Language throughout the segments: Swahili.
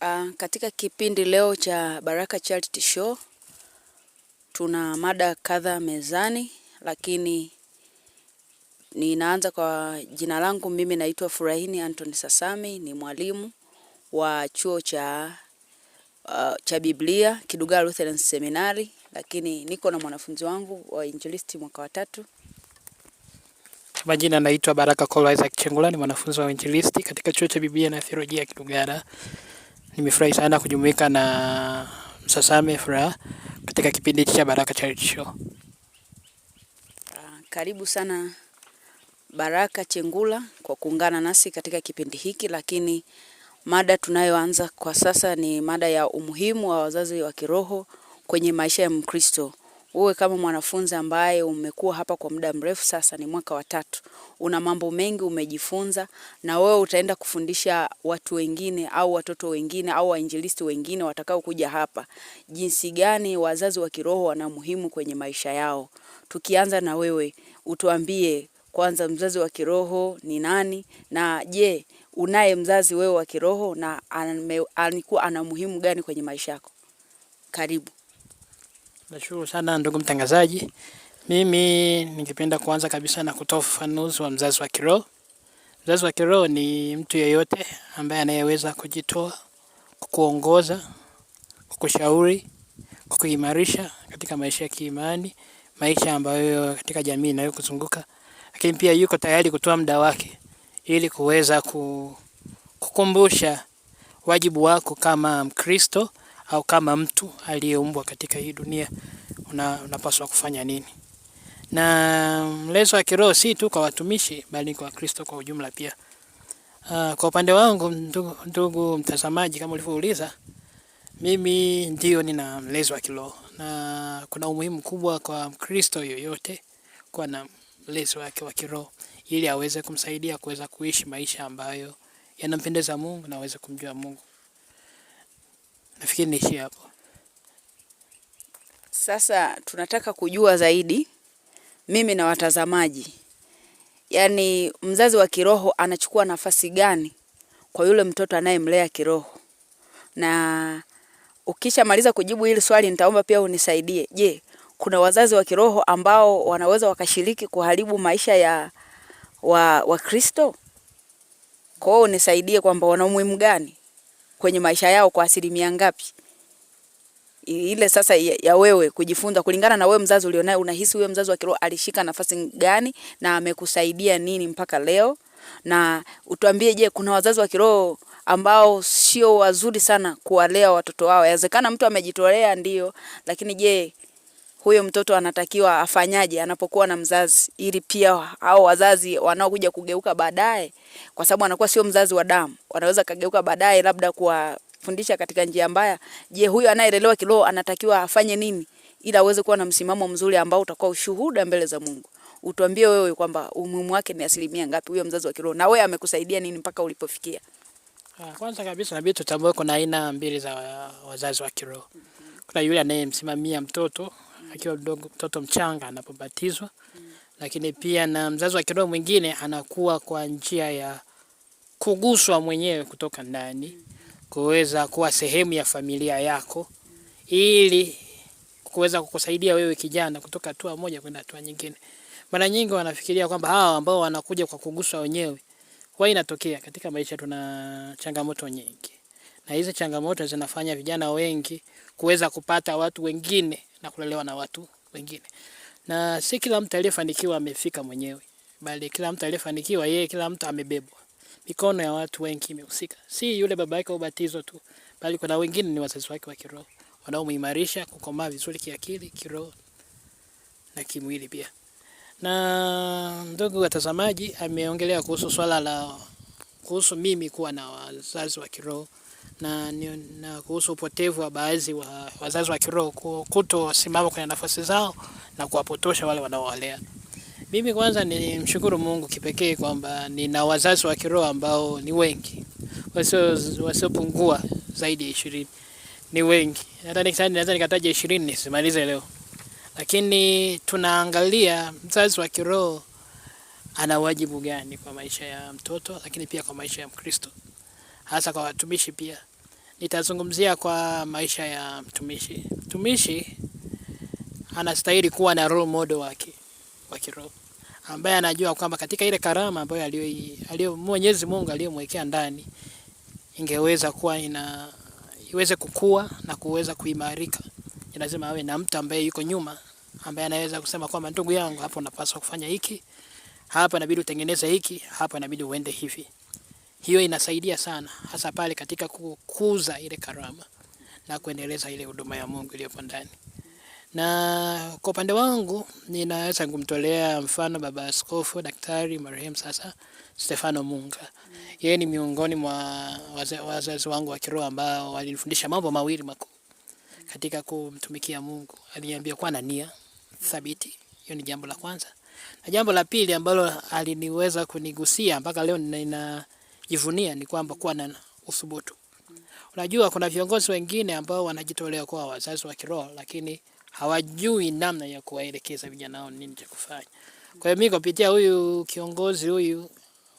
Uh, katika kipindi leo cha Baraka Charity Show tuna mada kadha mezani, lakini ninaanza kwa jina langu. Mimi naitwa Furahini Anthony Sasami, ni mwalimu wa chuo cha, uh, cha Biblia Kidugaa Lutheran Seminary, lakini niko na mwanafunzi wangu wa injilisti mwaka wa tatu. Majina naitwa Baraka Kolo Isaac Chengula, ni mwanafunzi wa injilisti katika chuo cha Biblia na Theolojia Kidugara Nimefurahi sana kujumuika na Msasame Furaha katika kipindi cha Baraka Charity Show. Ah, karibu sana Baraka Chengula kwa kuungana nasi katika kipindi hiki, lakini mada tunayoanza kwa sasa ni mada ya umuhimu wa wazazi wa kiroho kwenye maisha ya Mkristo wewe kama mwanafunzi ambaye umekuwa hapa kwa muda mrefu sasa, ni mwaka wa tatu, una mambo mengi umejifunza, na wewe utaenda kufundisha watu wengine au watoto wengine au wainjilisti wengine watakao kuja hapa, jinsi gani wazazi wa kiroho wana muhimu kwenye maisha yao. Tukianza na wewe, utuambie kwanza, mzazi wa kiroho ni nani? Na je, unaye mzazi wewe wa kiroho na alikuwa ana muhimu gani kwenye maisha yako? Karibu. Nashukuru sana ndugu mtangazaji. Mimi ningependa kuanza kabisa na kutoa ufafanuzi wa mzazi wa kiroho. Mzazi wa kiroho ni mtu yeyote ambaye anayeweza kujitoa, kukuongoza, kukushauri, kukuimarisha katika maisha ya kiimani, maisha ambayo katika jamii inayokuzunguka, lakini pia yuko tayari kutoa muda wake ili kuweza kukumbusha wajibu wako kama Mkristo au kama mtu aliyeumbwa katika hii dunia una, unapaswa kufanya nini. Na mlezo wa kiroho si tu kwa watumishi bali kwa Kristo kwa ujumla pia. Uh, kwa upande wangu ndugu, ndugu mtazamaji, kama ulivyouliza, mimi ndio nina mlezo wa kiroho na kuna umuhimu mkubwa kwa Mkristo yoyote kuwa na mlezo wake wa kiroho ili aweze kumsaidia kuweza kuishi maisha ambayo yanampendeza Mungu na aweze kumjua Mungu. Nafikiri niishie hapo. Sasa tunataka kujua zaidi, mimi na watazamaji, yaani mzazi wa kiroho anachukua nafasi gani kwa yule mtoto anayemlea kiroho? Na ukishamaliza kujibu hili swali, nitaomba pia unisaidie. Je, kuna wazazi wa kiroho ambao wanaweza wakashiriki kuharibu maisha ya wa Wakristo? Kwa hiyo unisaidie kwamba wana umuhimu gani? kwenye maisha yao kwa asilimia ngapi? Ile sasa ya wewe kujifunza kulingana na wewe mzazi ulionaye, unahisi wewe mzazi wa kiroho alishika nafasi gani na amekusaidia nini mpaka leo? Na utuambie, je, kuna wazazi wa kiroho ambao sio wazuri sana kuwalea watoto wao? Yawezekana mtu amejitolea ndio, lakini je huyo mtoto anatakiwa afanyaje anapokuwa na mzazi, ili pia hao wazazi wanaokuja kugeuka baadaye, kwa sababu anakuwa sio mzazi wa damu, wanaweza kageuka baadaye, labda kuwafundisha katika njia mbaya. Je, huyo anayelelewa kiroho anatakiwa afanye nini ili aweze kuwa na msimamo mzuri ambao utakuwa ushuhuda mbele za Mungu? Utuambie wewe kwamba umuhimu wake ni asilimia ngapi huyo mzazi wa kiroho, na wewe amekusaidia nini mpaka ulipofikia? Ah, kwanza kabisa nabidi tutambue kuna aina mbili za ah, wazazi wa kiroho. Kuna yule anayemsimamia mtoto akiwa mdogo, mtoto mchanga anapobatizwa Lakini pia na mzazi wa kiroho mwingine anakuwa kwa njia ya kuguswa mwenyewe kutoka ndani kuweza kuwa sehemu ya familia yako ili kuweza kukusaidia wewe kijana kutoka hatua moja kwenda hatua nyingine. Mara nyingi wanafikiria kwamba hawa ambao wanakuja kwa kuguswa wenyewe, huwa inatokea katika maisha, tuna changamoto nyingi, na hizo changamoto zinafanya vijana wengi kuweza kupata watu wengine na kulelewa na watu wengine. Na si kila mtu aliyefanikiwa amefika mwenyewe, bali kila mtu aliyefanikiwa yeye, kila mtu amebebwa. Mikono ya watu wengi imehusika, si yule baba yake ubatizo tu, bali kuna wengine ni wazazi wake wa kiroho wanaomuimarisha kukomaa vizuri kiakili, kiroho na kimwili pia. Na ndugu watazamaji, ameongelea kuhusu swala la kuhusu mimi kuwa na wazazi wa kiroho na, na kuhusu upotevu wa baadhi wa wazazi wa kiroho kutosimama kwenye nafasi zao na kuwapotosha wale wanaowalea. Mimi kwanza nimshukuru Mungu kipekee kwamba nina wazazi wa kiroho ambao ni wengi wasio wasiopungua zaidi ya ishirini, ni wengi. Hata nikisema naweza nikataja ishirini nisimalize leo, lakini tunaangalia mzazi wa kiroho ana wajibu gani kwa maisha ya mtoto, lakini pia kwa maisha ya Mkristo hasa kwa watumishi pia. Nitazungumzia kwa maisha ya mtumishi. Mtumishi anastahili kuwa na role model wake wa kiroho ambaye anajua kwamba katika ile karama ambayo aliyo Mwenyezi Mungu aliyomwekea ndani ingeweza kuwa ina iweze kukua na kuweza kuimarika, lazima awe na mtu ambaye yuko nyuma, ambaye anaweza kusema kwamba ndugu yangu, hapo unapaswa kufanya hiki, hapa inabidi utengeneze hiki, hapa inabidi uende hivi. Hiyo inasaidia sana, hasa pale katika kukuza ile karama na kuendeleza ile huduma ya Mungu iliyopo ndani. Na kwa upande wangu ninaweza kumtolea mfano baba askofu daktari marehemu sasa Stefano Munga. Yeye ni miongoni mwa wazazi wangu wa kiroho ambao walinifundisha mambo mawili makuu katika kumtumikia Mungu. Aliniambia kuwa na nia thabiti, hiyo ni jambo la kwanza, na jambo la pili ambalo aliniweza kunigusia mpaka leo nina kujivunia ni kwamba kuwa na uthubutu. Unajua, kuna viongozi wengine ambao wanajitolea kwa wazazi wa kiroho, lakini hawajui namna ya kuwaelekeza vijana wao nini cha kufanya. Kwa hiyo mimi kupitia huyu kiongozi huyu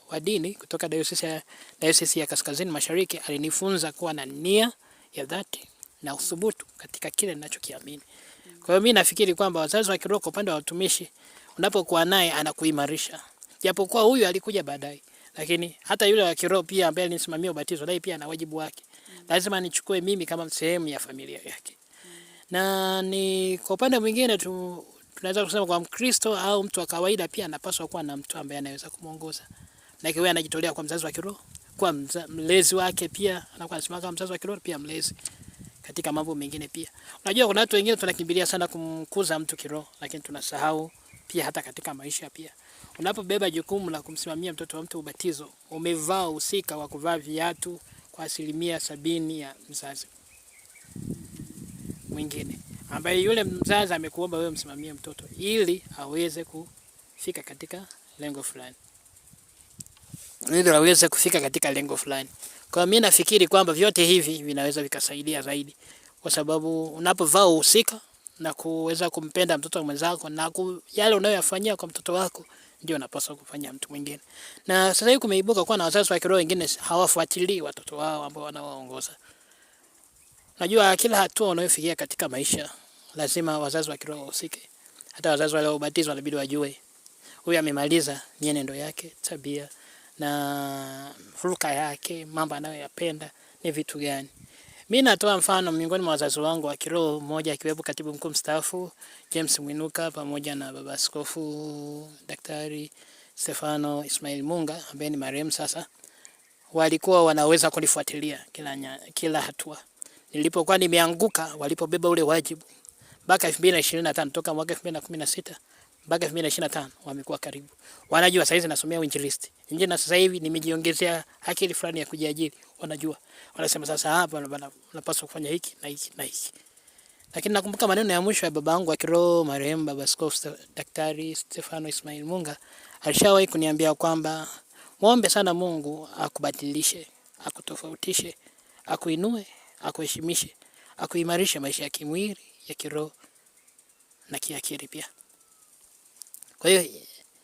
wa dini kutoka dayosisi ya, dayosisi ya Kaskazini Mashariki alinifunza kuwa na nia ya dhati na uthubutu katika kile ninachokiamini. Kwa hiyo mimi nafikiri kwamba wazazi wa kiroho, upande wa watumishi, unapokuwa naye anakuimarisha, japokuwa huyu alikuja baadaye, lakini hata yule wa kiroho pia ambaye alinisimamia ubatizo naye pia ana wajibu wake. Lazima nichukue mimi kama sehemu ya familia yake. Na ni kwa upande mwingine tu, tunaweza kusema kwa Mkristo au mtu wa kawaida pia anapaswa kuwa na mtu ambaye anaweza kumuongoza. Na kiwe anajitolea kwa mzazi wa kiroho, kwa mza, mlezi wake pia anakuwa anasimama kama mzazi wa kiroho pia mlezi katika mambo mengine pia. Unajua kuna watu wengine tunakimbilia sana kumkuza mtu kiroho, lakini tunasahau pia hata katika maisha pia. Unapobeba jukumu la kumsimamia mtoto wa mtu ubatizo, umevaa husika wa kuvaa viatu kwa asilimia sabini ya mzazi mwingine ambaye yule mzazi amekuomba wewe msimamie mtoto ili aweze kufika katika lengo fulani, ili aweze kufika katika lengo fulani. Kwa mimi nafikiri kwamba vyote hivi vinaweza vikasaidia zaidi, kwa sababu unapovaa uhusika na kuweza kumpenda mtoto mwenzako na ku, yale unayoyafanyia kwa mtoto wako ndio unapaswa kufanya mtu mwingine. Na sasa hivi kumeibuka kuwa na wazazi wa kiroho wengine hawafuatilii watoto wao ambao wanawaongoza. Najua kila hatua unayofikia katika maisha lazima wazazi wa kiroho wahusike. Hata wazazi wale waliobatizwa inabidi wajue huyu amemaliza mienendo yake, tabia na furuka yake, mambo anayoyapenda ni vitu gani. Mi natoa mfano miongoni mwa wazazi wangu wa kiroho, mmoja akiwepo katibu mkuu mstaafu James Mwinuka pamoja na baba askofu Daktari Stefano Ismail Munga ambaye ni marehemu sasa, walikuwa wanaweza kunifuatilia kila, nya, kila hatua nilipokuwa nimeanguka, walipobeba ule wajibu mpaka 2025 toka mwaka sita mpaka 2025 wamekuwa karibu. Wanajua sasa hizi nasomea uinjilisti. Nje na sasa hivi nimejiongezea akili fulani ya kujiajiri. Wanajua. Wanasema sasa hapa napaswa kufanya hiki na hiki na hiki. Lakini nakumbuka maneno ya mwisho ya baba yangu wa kiroho marehemu Baba Askofu Daktari Stefano Ismail Munga alishawahi kuniambia kwamba muombe sana Mungu akubadilishe, akutofautishe, akuinue, akuheshimishe, akuimarishe maisha ya kimwili, ya kiroho na kiakili pia. Kwa hiyo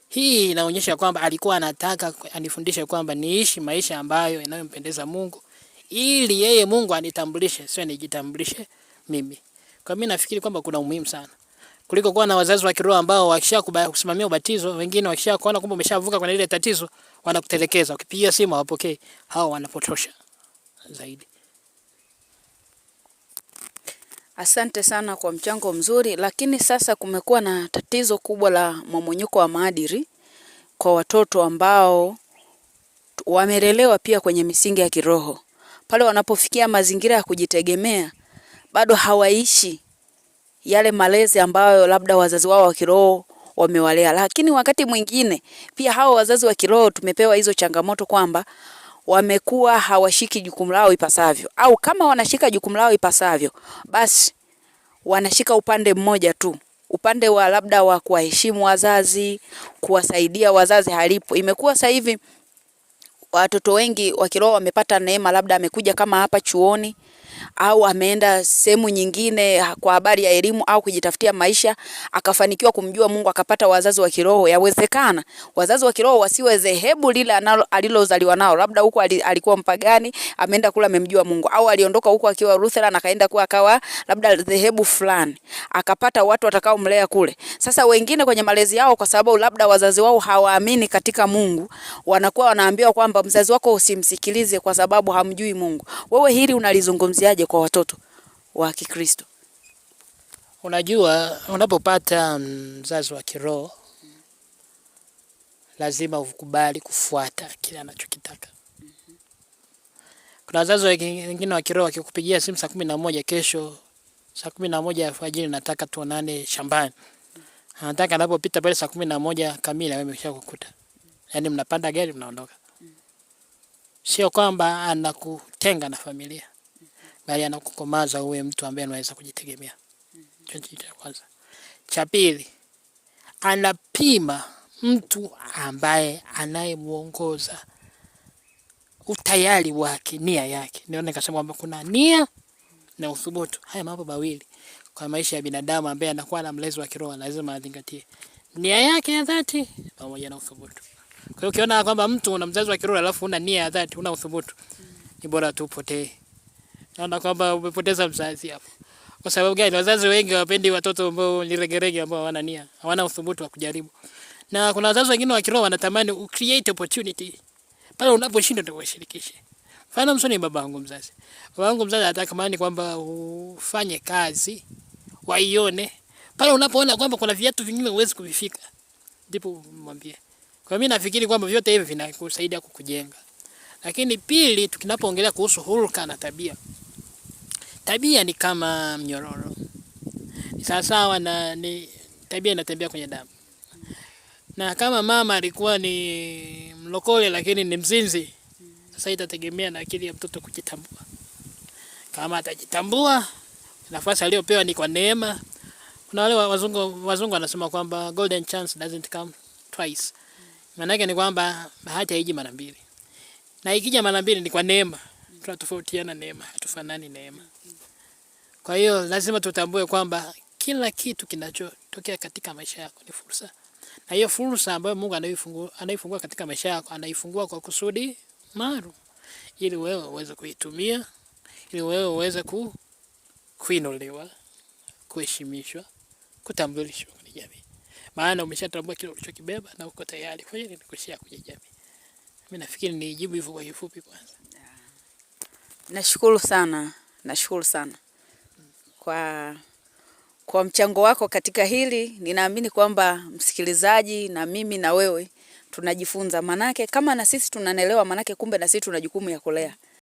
hii inaonyesha kwamba alikuwa anataka anifundishe kwamba niishi maisha ambayo yanayompendeza Mungu ili yeye Mungu anitambulishe, sio nijitambulishe mimi. Kwa mimi nafikiri kwamba kuna umuhimu sana kuliko kuwa na wazazi wa kiroho ambao wakishakubalia kusimamia ubatizo, wengine wakishakuona kwamba umeshavuka kwenye ile tatizo, wanakutelekeza, ukipiga simu hawapokei. Hao wanapotosha zaidi. Asante sana kwa mchango mzuri, lakini sasa kumekuwa na tatizo kubwa la mmomonyoko wa maadili kwa watoto ambao wamelelewa pia kwenye misingi ya kiroho. Pale wanapofikia mazingira ya kujitegemea, bado hawaishi yale malezi ambayo labda wazazi wao wa kiroho wamewalea. Lakini wakati mwingine pia hao wazazi wa kiroho tumepewa hizo changamoto kwamba wamekuwa hawashiki jukumu lao ipasavyo, au kama wanashika jukumu lao ipasavyo, basi wanashika upande mmoja tu, upande wa labda wa kuwaheshimu wazazi, kuwasaidia wazazi halipo. Imekuwa sasa hivi watoto wengi wa kiroho wamepata neema, labda amekuja kama hapa chuoni au ameenda sehemu nyingine kwa habari ya elimu au kujitafutia maisha, akafanikiwa kumjua Mungu, akapata wazazi wa kiroho. Yawezekana wazazi wa kiroho wasiwe dhehebu lile alilozaliwa nao, labda huko alikuwa mpagani, ameenda kula, amemjua Mungu, au aliondoka huko akiwa Ruthela na kaenda kuwa akawa labda dhehebu fulani, akapata watu watakaomlea kule. Sasa wengine kwenye malezi yao, kwa sababu labda wazazi wao hawaamini katika Mungu, wanakuwa wanaambiwa kwamba mzazi wako usimsikilize kwa sababu hamjui Mungu. Wewe hili unalizungumzia unafanyaje kwa watoto wa Kikristo? Unajua, unapopata mzazi wa kiroho lazima ukubali kufuata kile anachokitaka. Kuna wazazi wengine wa kiroho wakikupigia simu saa kumi na moja kesho saa kumi na moja alfajiri nataka tuonane shambani, anataka anapopita pale saa kumi na moja kamili wewe umeshakukuta, yaani mnapanda gari mnaondoka. Sio kwamba anakutenga na familia, bali anakukomaza uwe mtu ambaye anaweza kujitegemea. Cha kwanza. Cha pili, anapima mtu ambaye anayemwongoza utayari wake, nia yake. Ndio nikasema kwamba kuna nia na uthubutu, haya mambo mawili kwa maisha ya binadamu ambaye anakuwa na mlezi wa kiroho lazima azingatie nia yake ya dhati pamoja na uthubutu. Kwa hiyo ukiona kwamba mtu una mzazi wa kiroho alafu una nia ya dhati, una uthubutu, ni bora tu upotee naona kwamba umepoteza mzazi hapo. Kwa sababu gani? Wazazi wengi hawapendi watoto ambao ni regerege, ambao hawana nia, hawana uthubutu wa kujaribu. Na kuna wazazi wengine wa kiroho wanatamani u create opportunity, pale unaposhinda ndio ushirikishe. Mfano msoni, babangu mzazi, babangu mzazi anatamani kwamba ufanye kazi waione, pale unapoona kwamba kuna viatu vingine huwezi kuvifika, ndipo mwambie. Kwa mimi nafikiri kwamba vyote hivi vinakusaidia kukujenga. Lakini pili, tukinapoongelea kuhusu hulka na tabia Tabia ni kama mnyororo, ni sawasawa na ni tabia inatembea kwenye damu. Na kama mama alikuwa ni mlokole lakini ni mzinzi, sasa itategemea na akili ya mtoto kujitambua. Kama atajitambua, nafasi aliyopewa ni kwa neema. Kuna wale wazungu wazungu wanasema kwamba golden chance doesn't come twice, maana yake ni kwamba bahati haiji mara mbili, na ikija mara mbili ni kwa neema tunatofautiana neema, hatufanani neema. Kwa hiyo lazima tutambue kwamba kila kitu kinachotokea katika maisha yako ni fursa, na hiyo fursa ambayo Mungu anaifungua katika maisha yako anaifungua kwa kusudi maru, ili wewe uweze kuitumia, ili wewe uweze ku, kuinuliwa, kuheshimishwa, kutambulishwa kwenye jamii, maana umeshatambua kile ulichokibeba na uko tayari kwa hiyo kushia kwenye jamii. Mimi nafikiri nijibu hivyo kwa kifupi kwanza. Nashukuru sana, nashukuru sana kwa kwa mchango wako katika hili. Ninaamini kwamba msikilizaji na mimi na wewe tunajifunza, manake kama na sisi tunanelewa, manake kumbe na sisi tuna jukumu ya kulea.